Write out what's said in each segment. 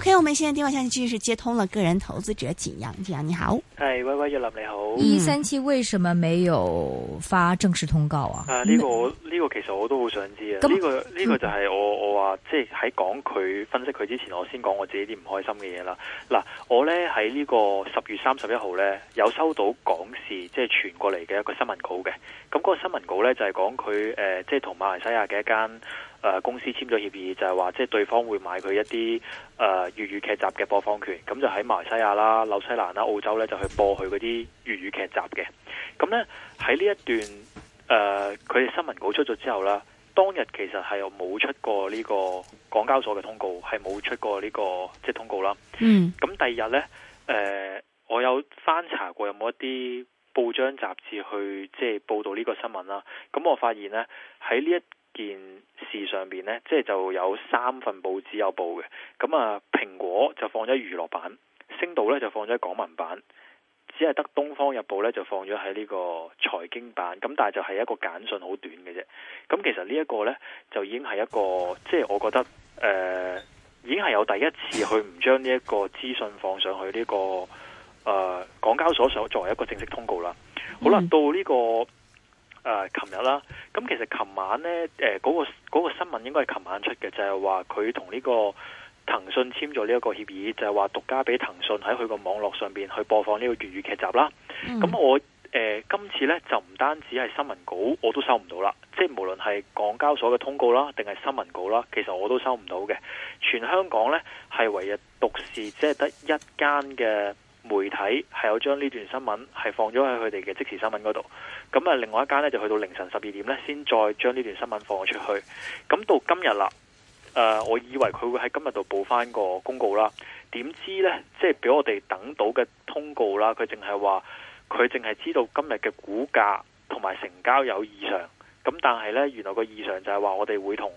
O.K.，我們現在電話線係繼續接通了，個人投資者景羊，景羊你好，係。喂喂，玉林你好，一一三七為什麼沒有發正式通告啊？啊、這個，呢個呢個其實我都好想知啊，呢、嗯這個呢、這個就係我我話即係喺講佢分析佢之前，我先講我自己啲唔開心嘅嘢啦。嗱，我咧喺呢個十月三十一號咧有收到港事即係傳過嚟嘅一個新聞稿嘅，咁、嗯、嗰個新聞稿咧就係講佢誒即係同馬來西亞嘅一間。誒公司簽咗協議，就係話即係對方會買佢一啲誒粵語劇集嘅播放權，咁就喺馬來西亞啦、紐西蘭啦、澳洲咧就去播佢嗰啲粵語劇集嘅。咁咧喺呢一段誒，佢哋新聞稿出咗之後啦，當日其實係冇出過呢個港交所嘅通告，係冇出過呢個即係通告啦。嗯。咁第二日咧，誒我有翻查過有冇一啲報章雜誌去即係報導呢個新聞啦。咁我發現咧喺呢一件事上邊呢，即、就、係、是、就有三份報紙有報嘅，咁啊，蘋果就放咗娛樂版，星島咧就放咗喺港聞版，只係得東方日報咧就放咗喺呢個財經版，咁但係就係一個簡訊，好短嘅啫。咁其實呢一個呢，就已經係一個，即、就、係、是、我覺得誒、呃，已經係有第一次去唔將呢一個資訊放上去呢、這個誒、呃、港交所所作為一個正式通告啦。好啦，嗯、到呢、這個。誒，琴日啦，咁其實琴晚呢，誒、那、嗰個嗰、那個、新聞應該係琴晚出嘅，就係話佢同呢個騰訊簽咗呢一個協議，就係話獨家俾騰訊喺佢個網絡上邊去播放呢個粵語劇集啦。咁、嗯、我誒、呃、今次呢，就唔單止係新聞稿我都收唔到啦，即、就、係、是、無論係港交所嘅通告啦，定係新聞稿啦，其實我都收唔到嘅。全香港呢，係唯日獨市，即係得一間嘅。媒體係有將呢段新聞係放咗喺佢哋嘅即時新聞嗰度，咁啊，另外一間呢，就去到凌晨十二點呢，先再將呢段新聞放咗出去。咁到今日啦，誒、呃，我以為佢會喺今日度報返個公告啦，點知呢？即係俾我哋等到嘅通告啦，佢淨係話佢淨係知道今日嘅股價同埋成交有異常，咁但係呢，原來個異常就係話我哋會同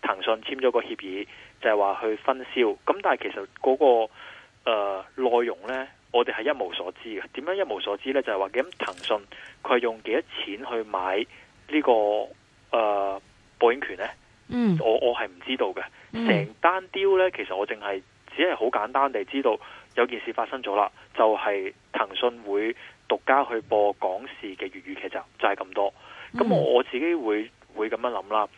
騰訊簽咗個協議，就係、是、話去分銷。咁但係其實嗰、那個誒、呃、內容呢。我哋係一無所知嘅，點樣一無所知呢？就係話咁，騰訊佢係用幾多錢去買呢、這個誒、呃、播映權呢？嗯，我我係唔知道嘅。成、嗯、單雕呢，其實我淨係只係好簡單地知道有件事發生咗啦，就係騰訊會獨家去播港視嘅粵語劇集，就係、是、咁多。咁我自己會會咁樣諗啦。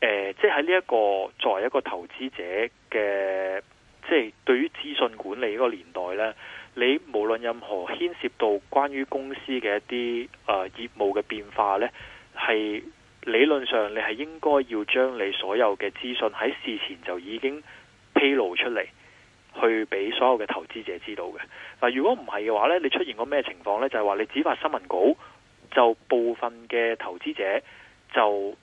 即係喺呢一個作為一個投資者嘅，即、就、係、是、對於資訊管理嗰個年代呢。你無論任何牽涉到關於公司嘅一啲誒、呃、業務嘅變化呢，係理論上你係應該要將你所有嘅資訊喺事前就已經披露出嚟，去俾所有嘅投資者知道嘅。嗱，如果唔係嘅話呢，你出現個咩情況呢？就係、是、話你只發新聞稿，就部分嘅投資者就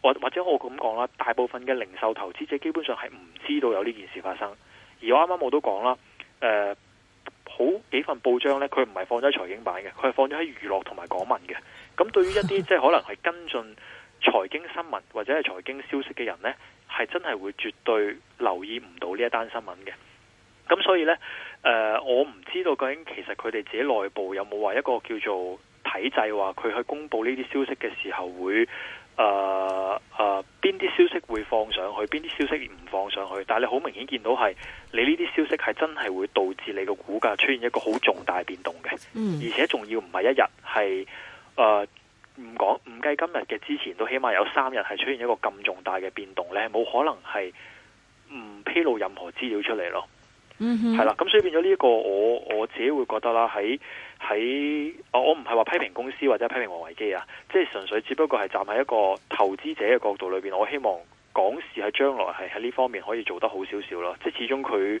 或或者我咁講啦，大部分嘅零售投資者基本上係唔知道有呢件事發生。而我啱啱我都講啦，呃好幾份報章呢，佢唔係放咗喺財經版嘅，佢係放咗喺娛樂同埋港聞嘅。咁對於一啲即係可能係跟進財經新聞或者係財經消息嘅人呢，係真係會絕對留意唔到呢一單新聞嘅。咁所以呢，呃、我唔知道究竟其實佢哋自己內部有冇話一個叫做體制話佢去公布呢啲消息嘅時候會。誒誒，邊啲、呃呃、消息會放上去，邊啲消息唔放上去？但係你好明顯見到係，你呢啲消息係真係會導致你個股價出現一個好重大變動嘅，而且仲要唔係一日，係誒唔講唔計今日嘅之前，都起碼有三日係出現一個咁重大嘅變動呢，冇可能係唔披露任何資料出嚟咯。嗯，係啦，咁所以變咗呢一個我，我我自己會覺得啦，喺喺，我我唔係話批評公司或者批評王維基啊，即係純粹只不過係站喺一個投資者嘅角度裏邊，我希望港視喺將來係喺呢方面可以做得好少少咯，即係始終佢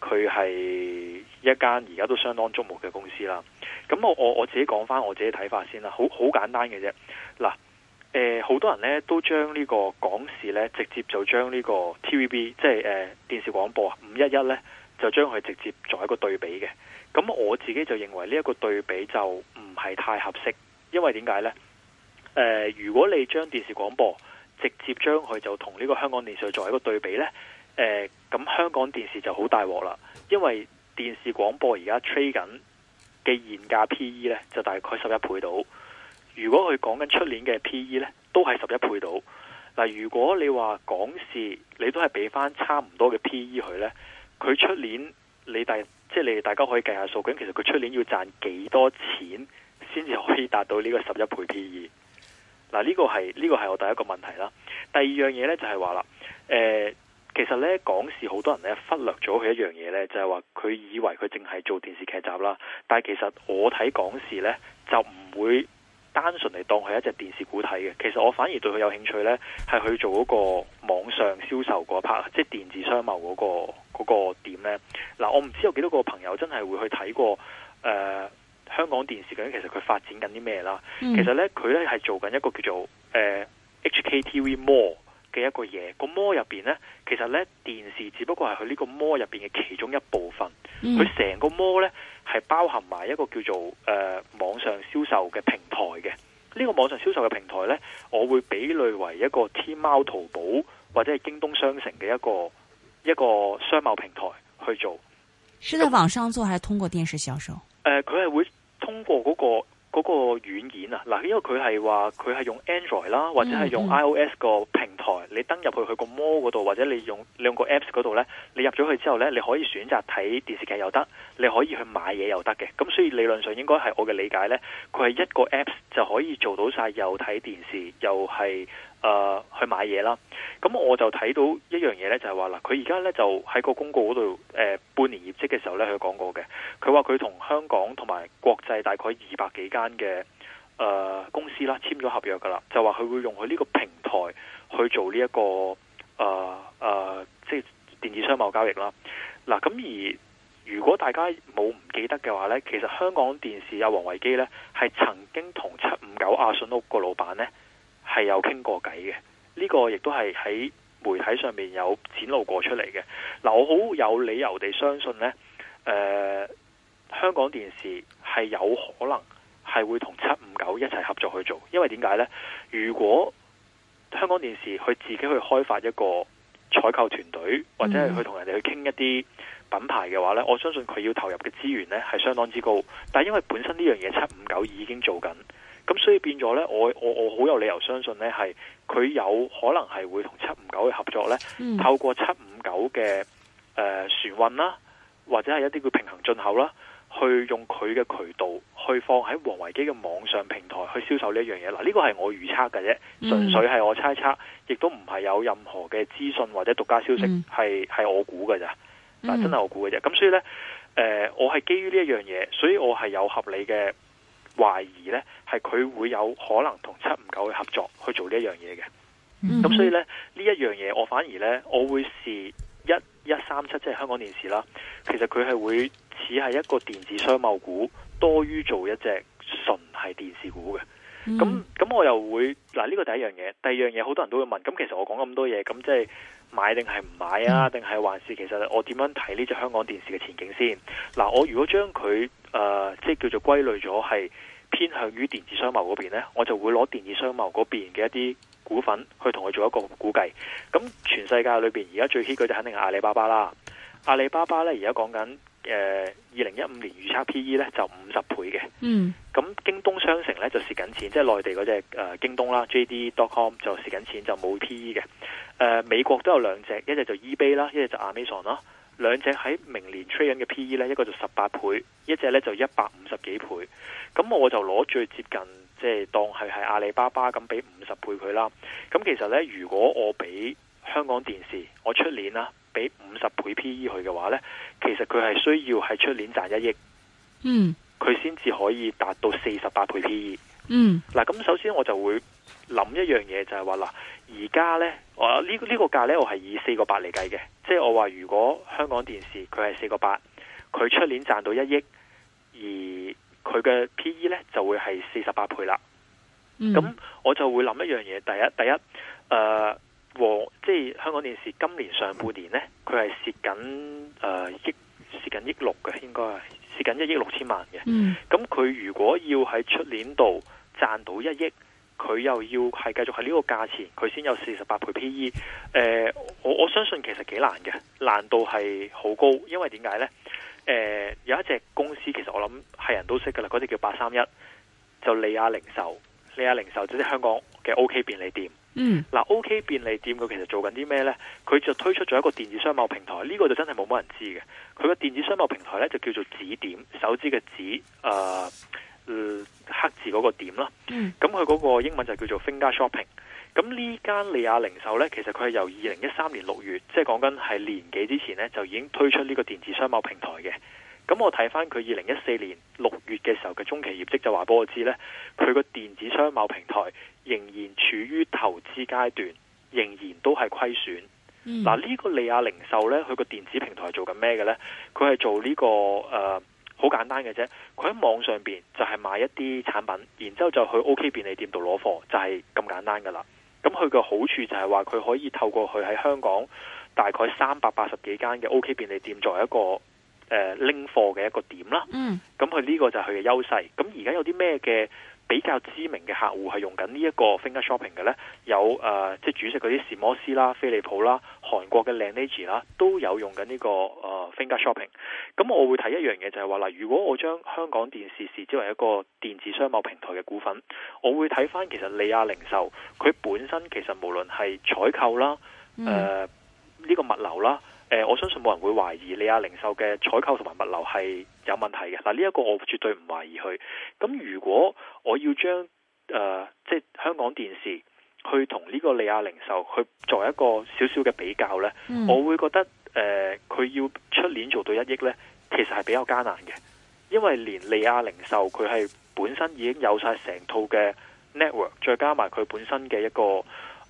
佢係一間而家都相當矚目嘅公司啦。咁我我我自己講翻我自己睇法先啦，好好簡單嘅啫。嗱，誒，好多人咧都將呢個港視咧直接就將呢個 TVB 即係誒電視廣播啊五一一咧。就將佢直接作一個對比嘅，咁我自己就認為呢一個對比就唔係太合適，因為點解呢、呃，如果你將電視廣播直接將佢就同呢個香港電視作為一個對比呢，誒、呃，咁香港電視就好大鑊啦，因為電視廣播而家 trading 嘅現價 P E 呢，就大概十一倍到，如果佢講緊出年嘅 P E 呢，都係十一倍到，嗱，如果你話港視你都係俾翻差唔多嘅 P E 佢呢。佢出年你大，即係你哋大家可以計下數，咁其實佢出年要賺幾多錢先至可以達到呢個十一倍 PE？嗱呢個係呢個係我第一個問題啦。第二樣嘢咧就係話啦，誒、呃、其實咧港視好多人咧忽略咗佢一樣嘢咧，就係話佢以為佢淨係做電視劇集啦。但係其實我睇港視咧就唔會單純嚟當佢一隻電視股睇嘅。其實我反而對佢有興趣咧，係去做嗰個網上銷售一 part，、那個，即係電子商貿嗰、那個。嗰個點咧，嗱、啊，我唔知有幾多個朋友真係會去睇過誒、呃、香港電視究竟其實佢發展緊啲咩啦？嗯、其實呢，佢咧係做緊一個叫做、呃、HKTV Mall 嘅一個嘢，個 Mall 入邊呢，其實呢，電視只不過係佢呢個 Mall 入邊嘅其中一部分，佢成、嗯、個 Mall 呢，係包含埋一個叫做誒、呃、網上銷售嘅平台嘅。呢、這個網上銷售嘅平台呢，我會比類為一個天貓、淘寶或者係京東商城嘅一個。一個商貿平台去做，是在網上做，還是通過電視銷售？誒、呃，佢係會通過嗰個嗰個軟件啊，嗱，因為佢係話佢係用 Android 啦，或者係用 iOS 個平台，嗯嗯，你登入去佢個 mall 度，或者你用兩個 apps 度咧，你入咗去之後咧，你可以選擇睇電視劇又得，你可以去買嘢又得嘅。咁所以理論上應該係我嘅理解咧，佢係一個 apps 就可以做到晒，又睇電視又係。誒，去買嘢啦，咁我就睇到一樣嘢咧，在就係話啦，佢而家咧就喺個公告嗰度，誒、呃，半年業績嘅時候咧，佢講過嘅，佢話佢同香港同埋國際大概二百幾間嘅誒公司啦，簽咗合約噶啦，就話佢會用佢呢個平台去做呢、這、一個誒誒、呃呃，即係電子商貿交易啦。嗱、呃，咁而如果大家冇唔記得嘅話咧，其實香港電視阿王維基咧，係曾經同七五九阿信屋個老闆咧。係有傾過偈嘅，呢、這個亦都係喺媒體上面有展露過出嚟嘅。嗱，我好有理由地相信呢，誒、呃，香港電視係有可能係會同七五九一齊合作去做，因為點解呢？如果香港電視佢自己去開發一個採購團隊，或者係去同人哋去傾一啲品牌嘅話呢，我相信佢要投入嘅資源呢係相當之高，但係因為本身呢樣嘢七五九已經做緊。咁所以變咗咧，我我我好有理由相信咧，係佢有可能係會同七五九去合作咧，嗯、透過七五九嘅誒船運啦，或者係一啲叫平行進口啦，去用佢嘅渠道去放喺王維基嘅網上平台去銷售呢一樣嘢。嗱，呢個係我預測嘅啫，嗯、純粹係我猜測，亦都唔係有任何嘅資訊或者獨家消息，係係、嗯、我估嘅啫。嗱、嗯，但真係我估嘅啫。咁所以咧，誒、呃，我係基於呢一樣嘢，所以我係有合理嘅懷疑呢係佢會有可能同七五九去合作去做呢一樣嘢嘅。咁、mm hmm. 所以呢，呢一樣嘢我反而呢，我會視一一三七即係香港電視啦。其實佢係會似係一個電子商貿股多於做一隻純係電視股嘅。咁咁、mm hmm. 我又會嗱呢、這個第一樣嘢，第二樣嘢好多人都會問。咁其實我講咁多嘢，咁即係買定係唔買啊？定係還是其實我點樣睇呢隻香港電視嘅前景先？嗱，我如果將佢誒即係叫做歸類咗係。偏向於電子商貿嗰邊呢，我就會攞電子商貿嗰邊嘅一啲股份去同佢做一個估計。咁全世界裏邊而家最 hit 嘅就是肯定係阿里巴巴啦。阿里巴巴呢，而家講緊誒二零一五年預測 PE 呢，就五十倍嘅。嗯。咁京東商城呢，就蝕緊錢，即、就、係、是、內地嗰隻、呃、京東啦，JD.com 就蝕緊錢，就冇 PE 嘅。誒、呃、美國都有兩隻，一隻就 eBay 啦，一隻就 Amazon 啦。兩隻喺明年 trading 嘅 P/E 呢，一個就十八倍，一隻呢就一百五十幾倍。咁我就攞最接近，即係當係係阿里巴巴咁俾五十倍佢啦。咁其實呢，如果我俾香港電視我出年啦、啊，俾五十倍 P/E 佢嘅話呢，其實佢係需要係出年賺一億，嗯，佢先至可以達到四十八倍 P/E。嗯，嗱，咁首先我就會諗一樣嘢，這個，就係話嗱，而家咧，我呢呢個價咧，我係以四個八嚟計嘅，即係我話如果香港電視佢係四個八，佢出年賺到一億，而佢嘅 PE 咧就會係四十八倍啦。咁，嗯嗯，我就會諗一樣嘢，第一第一，誒，啊，和即係香港電視今年上半年咧，佢係蝕緊誒億蝕緊億六嘅，應該係蝕緊一億六千萬嘅。咁佢，嗯，如果要喺出年度，賺到一億，佢又要係繼續係呢個價錢，佢先有四十八倍 P E，呃。我我相信其實幾難嘅，難度係好高。因為點解呢，呃？有一隻公司其實我諗係人都識噶啦，嗰隻叫八三一，就利亞零售，利亞零售即係香港嘅 O K 便利店。嗱，O K 便利店佢其實做緊啲咩呢？佢就推出咗一個電子商貿平台，呢，這個就真係冇乜人知嘅。佢個電子商貿平台呢，就叫做指點，手指嘅指啊。呃嗯，黑字嗰個點啦，咁佢嗰個英文就叫做 Finger Shopping。咁呢間利亞零售呢，其實佢係由二零一三年六月，即係講緊係年幾之前呢，就已經推出呢個電子商貿平台嘅。咁我睇翻佢二零一四年六月嘅時候嘅中期業績，就話俾我我知呢，佢個電子商貿平台仍然處於投資階段，仍然都係虧損。嗱、嗯，呢、啊呢個利亞零售呢，佢個電子平台做緊咩嘅呢？佢係做呢、呢個誒。呃好簡單嘅啫，佢喺網上邊就係買一啲產品，然之後就去 OK 便利店度攞貨，就係咁簡單噶啦。咁佢嘅好處就係話佢可以透過佢喺香港大概三百八十幾間嘅 OK 便利店作為一個誒拎貨嘅一個點啦。嗯，咁佢呢個就係佢嘅優勢。咁而家有啲咩嘅？比較知名嘅客戶係用緊呢一個 Finger Shopping 嘅呢。有即係、呃就是、煮食嗰啲膳魔師啦、菲利普啦、韓國嘅 l e n i 啦，都有用緊、這、呢個、呃、Finger Shopping。咁我會睇一樣嘢就係話，嗱，如果我將香港電視視之為一個電子商貿平台嘅股份，我會睇翻其實利亞零售佢本身其實無論係採購啦，呢、呃這個物流啦。誒，我相信冇人會懷疑利亞零售嘅採購同埋物流係有問題嘅。嗱，呢一個我絕對唔懷疑佢。咁如果我要將誒即係香港電視去同呢個利亞零售去做一個少少嘅比較呢，嗯、我會覺得誒，佢、呃、要出年做到一億呢，其實係比較艱難嘅，因為連利亞零售佢係本身已經有晒成套嘅 network，再加埋佢本身嘅一個誒誒、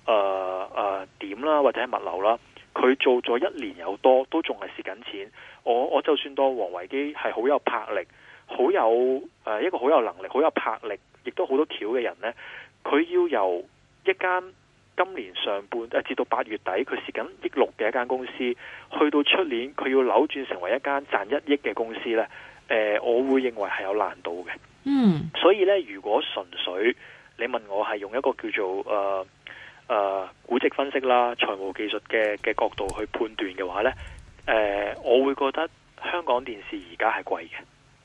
呃呃、點啦，或者係物流啦。佢做咗一年有多，都仲係蝕緊錢。我我就算當王維基係好有魄力，好有誒、呃、一個好有能力、好有魄力，亦都好多橋嘅人咧。佢要由一間今年上半誒至、呃、到八月底，佢蝕緊億六嘅一間公司，去到出年佢要扭轉成為一間賺一億嘅公司咧。誒、呃，我會認為係有難度嘅。嗯，所以咧，如果純粹你問我係用一個叫做誒。呃誒、呃、估值分析啦，財務技術嘅嘅角度去判斷嘅話咧，誒、呃、我會覺得香港電視而家係貴嘅，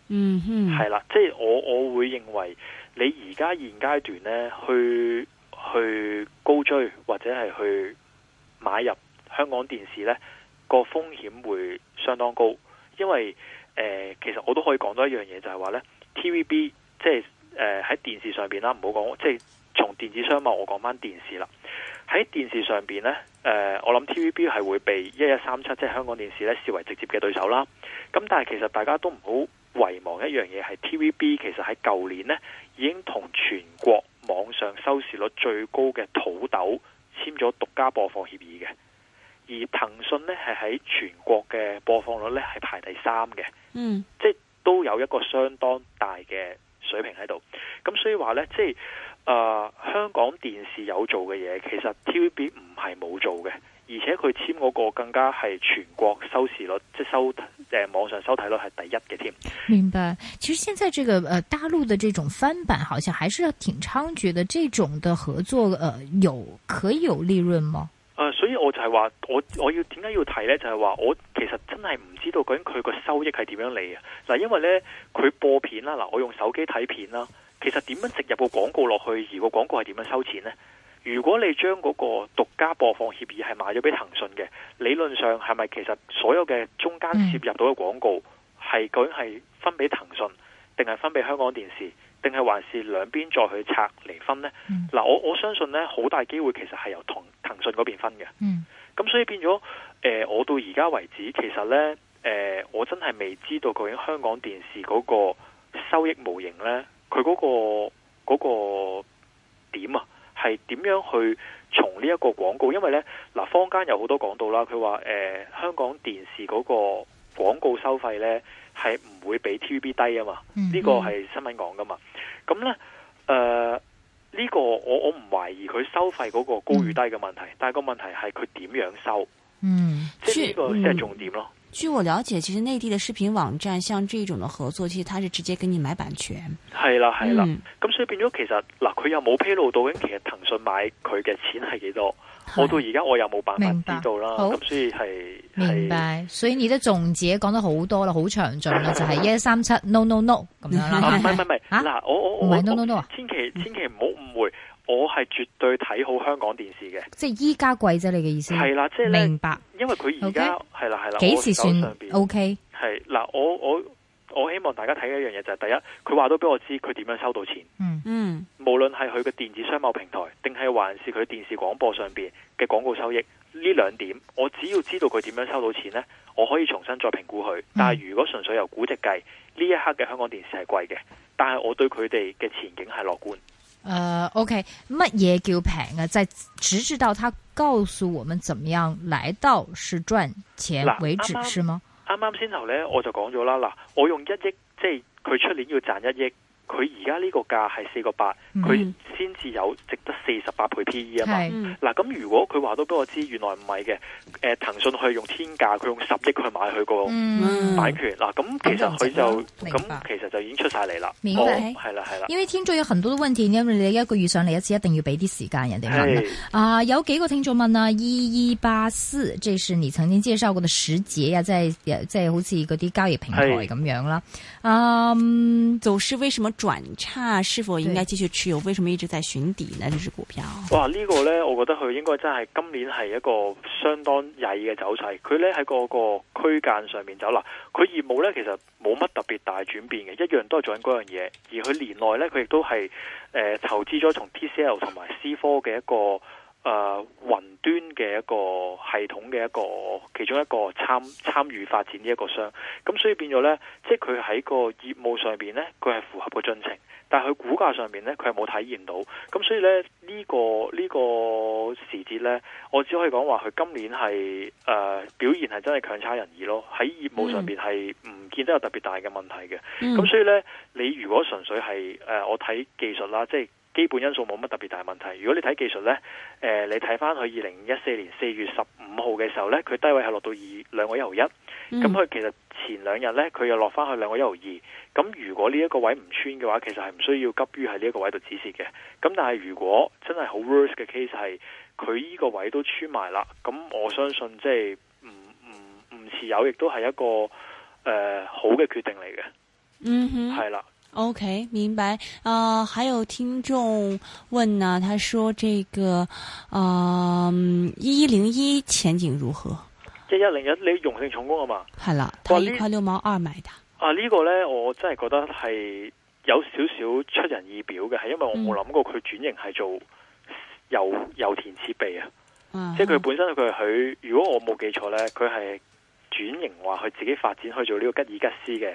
嗯哼，係啦，即係我我會認為你而家現階段咧，去去高追或者係去買入香港電視咧，個風險會相當高，因為誒、呃、其實我都可以講多一樣嘢，就係話咧，TVB 即係誒喺電視上邊啦，唔好講即係。即係從電子商貿我講翻電視啦，喺電視上面呢，誒、呃，我諗 TVB 係會被一一三七即係香港電視咧視為直接嘅對手啦。咁但係其實大家都唔好遺忘一樣嘢係 TVB 其實喺舊年呢已經同全國網上收視率最高嘅土豆簽咗獨家播放協議嘅，而騰訊呢，係喺全國嘅播放率咧係排第三嘅，嗯，即係都有一個相當大嘅水平喺度。咁所以話呢，即係。誒、呃，香港電視有做嘅嘢，其實 TVB 唔係冇做嘅，而且佢簽嗰個更加係全國收視率，即係收、呃、網上收睇率係第一嘅添。明白，其實現在這個誒、呃、大陸的這種翻版，好像還是挺猖獗的。這種的合作，誒、呃、有可以有利潤嗎？誒、呃，所以我就係話，我我要點解要提呢？就係、是、話我其實真係唔知道究竟佢個收益係點樣嚟嘅。嗱、呃，因為呢，佢播片啦，嗱、呃、我用手機睇片啦。其實點樣植入個廣告落去？而個廣告係點樣收錢呢？如果你將嗰個獨家播放協議係賣咗俾騰訊嘅，理論上係咪其實所有嘅中間攝入到嘅廣告係究竟係分俾騰訊，定係分俾香港電視，定係還是兩邊再去拆嚟分呢？嗱、嗯，我我相信呢，好大機會其實係由同騰訊嗰邊分嘅。咁、嗯、所以變咗、呃、我到而家為止，其實呢，呃、我真係未知道究竟香港電視嗰個收益模型呢。佢嗰、嗰個嗰、嗰個點啊，係點樣去從呢一個廣告？因為呢嗱，坊間有好多講到啦，佢話誒，香港電視嗰個廣告收費呢係唔會比 TVB 低啊嘛。呢、嗯嗯、個係新聞講噶嘛。咁、嗯、咧，誒、呃、呢、這個我我唔懷疑佢收費嗰個高與低嘅問題，嗯、但係個問題係佢點樣收？嗯，即係呢個先係重點咯。據我了解，其實內地的視頻網站像這種的合作，其實它是直接跟你買版權。係啦係啦，咁所以變咗其實嗱，佢又冇披露到底其實騰訊買佢嘅錢係幾多，我到而家我又冇辦法知道啦。咁所以係，明白。所以你都仲自己講得好多啦，好詳盡啦，就係一三七 no no no 咁樣啦。唔係唔係唔係，嗱我我我唔係 no no no，千祈千祈唔好誤會。我係絕對睇好香港電視嘅，即係依家貴啫，你嘅意思係啦，即係、你、明白，因為佢而家係啦係啦，幾 Okay? 時算？O K 係嗱，我我我希望大家睇嘅一樣嘢，就係第一，佢話都俾我知佢點樣收到錢。嗯嗯，無論係佢嘅電子商貿平台，定係還是佢電視廣播上邊嘅廣告收益，呢兩點，我只要知道佢點樣收到錢呢，我可以重新再評估佢。嗯、但係如果純粹由估值計，呢一刻嘅香港電視係貴嘅，但係我對佢哋嘅前景係樂觀。誒、呃，OK，乜嘢叫平啊？在直至到他告訴我們怎麼樣來到是賺錢為止，剛剛是嗎？啱啱先頭咧，我就講咗啦，嗱，我用一億，即係佢出年要賺一億。佢而家呢個價係四個八，佢先至有值得四十八倍 PE 啊嘛。嗱，咁如果佢話都俾我知，原來唔係嘅，誒騰訊可以用天價，佢用十億去買佢個版權。嗱，咁其實佢就咁，其實就已經出晒嚟啦。明白，係啦，係啦。因為聽眾有很多嘅問題，因為你一個月上嚟一次，一定要俾啲時間人哋問。啊，有幾個聽眾問啊，一一八四，即是你曾經介紹過嘅使姐啊，即係即係，好似嗰啲交易平台咁樣啦。啊，就是為什麼轉差是否應該繼續持有？對為什麼一直在尋底呢？呢隻股票？哇，呢、呢個呢，我覺得佢應該真係今年係一個相當曳嘅走勢。佢呢喺個個區間上面走，嗱，佢業務呢其實冇乜特別大轉變嘅，一樣都係做緊嗰樣嘢。而佢年內呢，佢亦都係誒投資咗從 TCL 同埋 C 科嘅一個。誒雲、呃、端嘅一個系統嘅一個其中一個參參與發展呢一個商，咁所以變咗呢，即係佢喺個業務上邊呢，佢係符合個進程，但係佢股價上面呢，佢係冇體現到，咁所以呢，呢、這個呢、這個時節呢，我只可以講話佢今年係誒、呃、表現係真係強差人意咯，喺業務上邊係唔見得有特別大嘅問題嘅，咁所以呢，你如果純粹係誒、呃、我睇技術啦，即係。基本因素冇乜特別大問題。如果你睇技術呢，誒、呃，你睇翻佢二零一四年四月十五號嘅時候呢，佢低位係落到二兩個一毫一，咁、hmm. 佢其實前兩日呢，佢又落翻去兩個一毫二。咁如果呢一個位唔穿嘅話，其實係唔需要急於喺呢一個位度止蝕嘅。咁但係如果真係好 worse 嘅 case 係佢呢個位都穿埋啦，咁我相信即係唔唔唔持有，亦都係一個誒、呃、好嘅決定嚟嘅。嗯哼、mm，係、hmm. 啦。OK，明白。啊、呃，還有聽眾問呢、啊，他說：這個，啊、呃，一一零一前景如何？一一零一，你熔盛重工，啊嘛？係啦，他、right, 一塊六毛二買的。啊、呢、啊這個呢，我真係覺得係有少少出人意表嘅，係因為我冇諗過佢轉型係做油、嗯、油田設備啊。Uh huh. 即係佢本身佢佢，如果我冇記錯呢，佢係轉型話佢自己發展去做呢個吉爾吉斯嘅。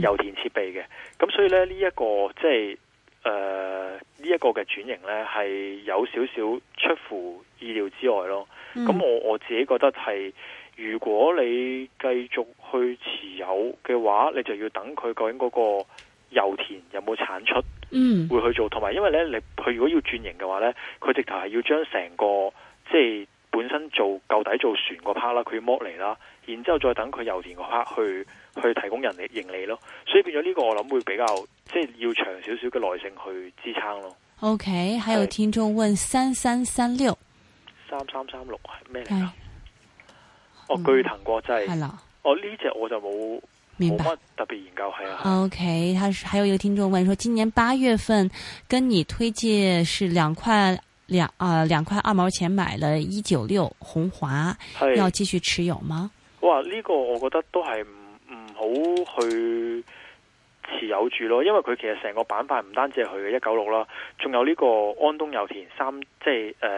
油田設備嘅，咁所以咧呢一個即係誒呢一個嘅轉型呢，係有少少出乎意料之外咯。咁、嗯、我我自己覺得係，如果你繼續去持有嘅話，你就要等佢究竟嗰個油田有冇產出，嗯、會去做，同埋因為呢，你佢如果要轉型嘅話呢，佢直頭係要將成個即係。本身做舊底做船個 part 啦，佢要剝嚟啦，然之後再等佢油電個 part 去去提供人力盈利咯，所以變咗呢個我諗會比較即係要長少少嘅耐性去支撐咯。OK，還有聽眾問三三三六三三三六係咩嚟噶？哦，巨騰國際係咯。哎、呀哦呢隻、這個、我就冇冇乜特別研究係啊。是是 OK，還還有一個聽眾問說，今年八月份跟你推介是兩塊。兩啊、呃、兩塊二毛錢買了一九六紅華，是要繼續持有嗎？哇呢個我覺得都係唔唔好去持有住咯，因為佢其實成個板塊唔單止係佢嘅一九六啦，仲有呢個安東油田三，即係誒、呃、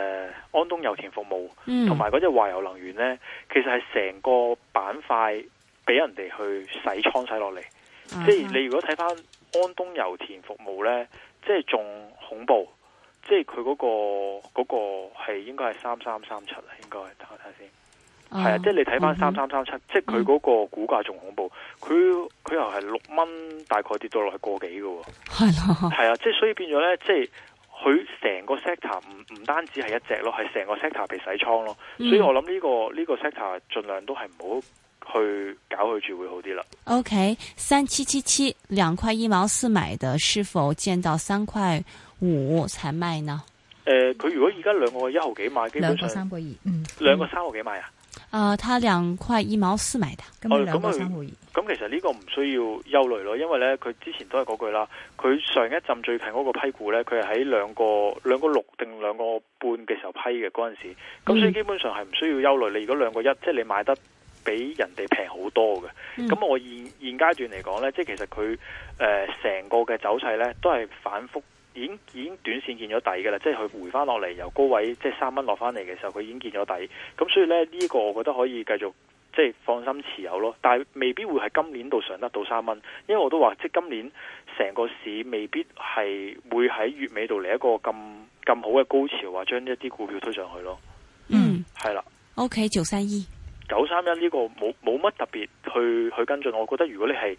安東油田服務，同埋嗰隻華油能源呢，其實係成個板塊俾人哋去洗倉洗落嚟。啊、哈即係你如果睇翻安東油田服務呢，即係仲恐怖。即係佢嗰個嗰、嗰個係應該係三三三七啦，應該等我睇下先。係啊，啊，即係你睇翻三三三七，即係佢嗰個股價仲恐怖，佢佢、嗯、又係六蚊，大概跌到落去個幾噶。係咯，係啊，即係所以變咗咧，即係佢成個 sector 唔唔單止係一隻咯，係成個 sector 被洗倉咯。所以我諗呢、呢個呢、呢個 sector 盡量都係唔好去搞佢住會好啲啦。OK，三七七七兩塊一毛四買的，是否見到三塊？五才賣呢？誒、呃，佢如果而家兩個一毫幾買，基本上兩個三個二，嗯，兩個三個幾買啊？啊，他兩塊一毛四買嘅，哦，咁啊，咁、嗯嗯、其實呢個唔需要憂慮咯，因為咧佢之前都係嗰句啦，佢上一陣最近嗰個批股咧，佢係喺兩個兩個六定兩個半嘅時候批嘅嗰陣時，咁、嗯嗯、所以基本上係唔需要憂慮。你如果兩個一，即係你買得比人哋平好多嘅，咁我現現階段嚟講咧，即係其實佢誒成個嘅走勢咧都係反覆。已經已經短線見咗底噶啦，即係佢回翻落嚟，由高位即係三蚊落翻嚟嘅時候，佢已經見咗底。咁所以咧呢，呢個我覺得可以繼續即係放心持有咯。但係未必會喺今年度上得到三蚊，因為我都話即係今年成個市未必係會喺月尾度嚟一個咁咁好嘅高潮，話將一啲股票推上去咯。嗯，係啦。OK，做生意。九三一呢個冇冇乜特別去去跟進，我覺得如果你係。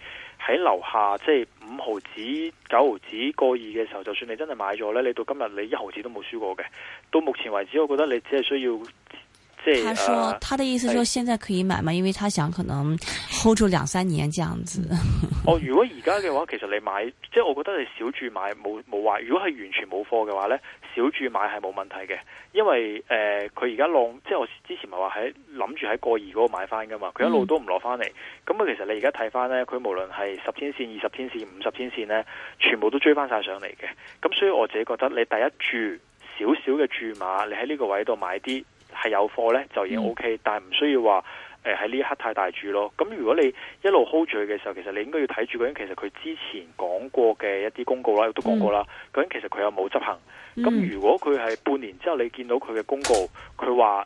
喺樓下即係五毫子九毫子過二嘅時候，就算你真係買咗呢，你到今日你一毫子都冇輸過嘅。到目前為止，我覺得你只係需要即係。他說，呃、他的意思就現在可以買嘛，因為他想可能 hold 住兩三年這樣子。哦，如果而家嘅話，其實你買，即係我覺得你小注買冇冇壞。如果係完全冇貨嘅話呢？小注買係冇問題嘅，因為誒佢而家浪，即係我之前咪話喺諗住喺過二嗰度買返㗎嘛，佢一路都唔攞返嚟。咁啊，其實你而家睇返呢，佢無論係十天線、二十天線、五十天線呢，全部都追返晒上嚟嘅。咁所以我自己覺得，你第一注少少嘅注碼，你喺呢個位度買啲係有貨呢，就已經 OK，嗯、但係唔需要話，喺呢一刻太大注咯，咁如果你一路 hold 住佢嘅時候，其實你應該要睇住究竟。其實佢之前講過嘅一啲公告啦，亦都講過啦。嗯、究竟，其實佢有冇執行？咁、嗯、如果佢係半年之後你見到佢嘅公告，佢話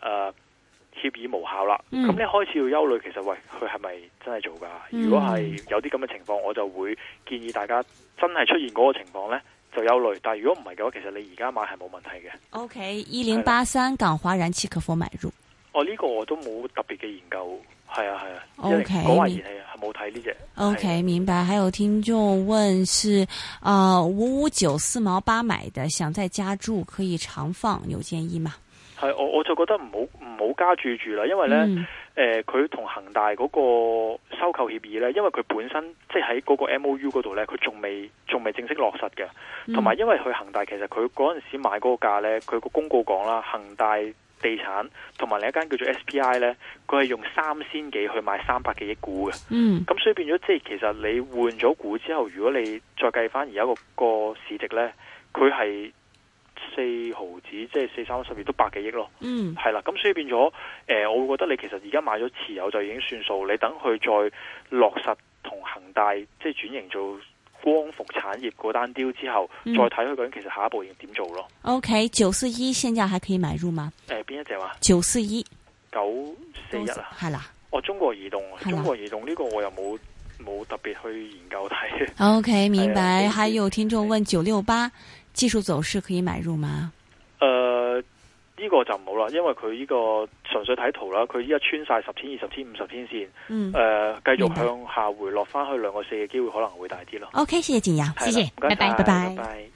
誒協議無效啦，咁、嗯、你開始要憂慮，其實喂，佢係咪真係做噶？嗯、如果係有啲咁嘅情況，我就會建議大家真係出現嗰個情況呢，就憂慮。但係如果唔係嘅話，其實你而家買係冇問題嘅。OK，一零八三港華燃氣可否買入？哦，呢、這個我都冇特別嘅研究，係啊係啊。O K，講話熱氣啊，係冇睇呢隻。O Okay, 白 K，明白。還有聽眾問是，啊五五九四毛八買的，想再加注可以長放，有建議嗎？係我我就覺得唔好唔好加注住啦，因為咧誒佢同恒大嗰個收購協議咧，因為佢本身即係喺嗰個 M O U 嗰度咧，佢仲未仲未正式落實嘅。同埋、嗯、因為佢恒大其實佢嗰陣時買嗰個價咧，佢個公告講啦，恒大。地產同埋另一間叫做 S P I 呢，佢係用三千幾去買三百幾億股嘅。嗯，咁所以變咗即係其實你換咗股之後，如果你再計翻而家個市值呢，佢係四毫子，即係四三十億都百幾億咯。嗯，係啦，咁所以變咗，誒、呃，我會覺得你其實而家買咗持有就已經算數，你等佢再落實同恒大即係轉型做。光伏產業個單雕之後，嗯、再睇佢究竟其實下一步要點做咯？OK，九四一現價還可以買入嗎？誒、呃，邊一隻話？九四一？九四一啊，係啦。哦，中國移動，啦中國移動呢個我又冇冇特別去研究睇。O Okay , K，啦明白。以還有聽眾問九六八技術走勢可以買入嗎？誒、呃。呢個就唔好啦，因為佢呢個純粹睇圖啦，佢依家穿晒十天、二十天、五十天線，嗯、呃、誒繼續向下回落翻去兩個四嘅機會可能會大啲咯。OK，謝謝景羊，對謝謝，拜拜，拜拜。拜拜。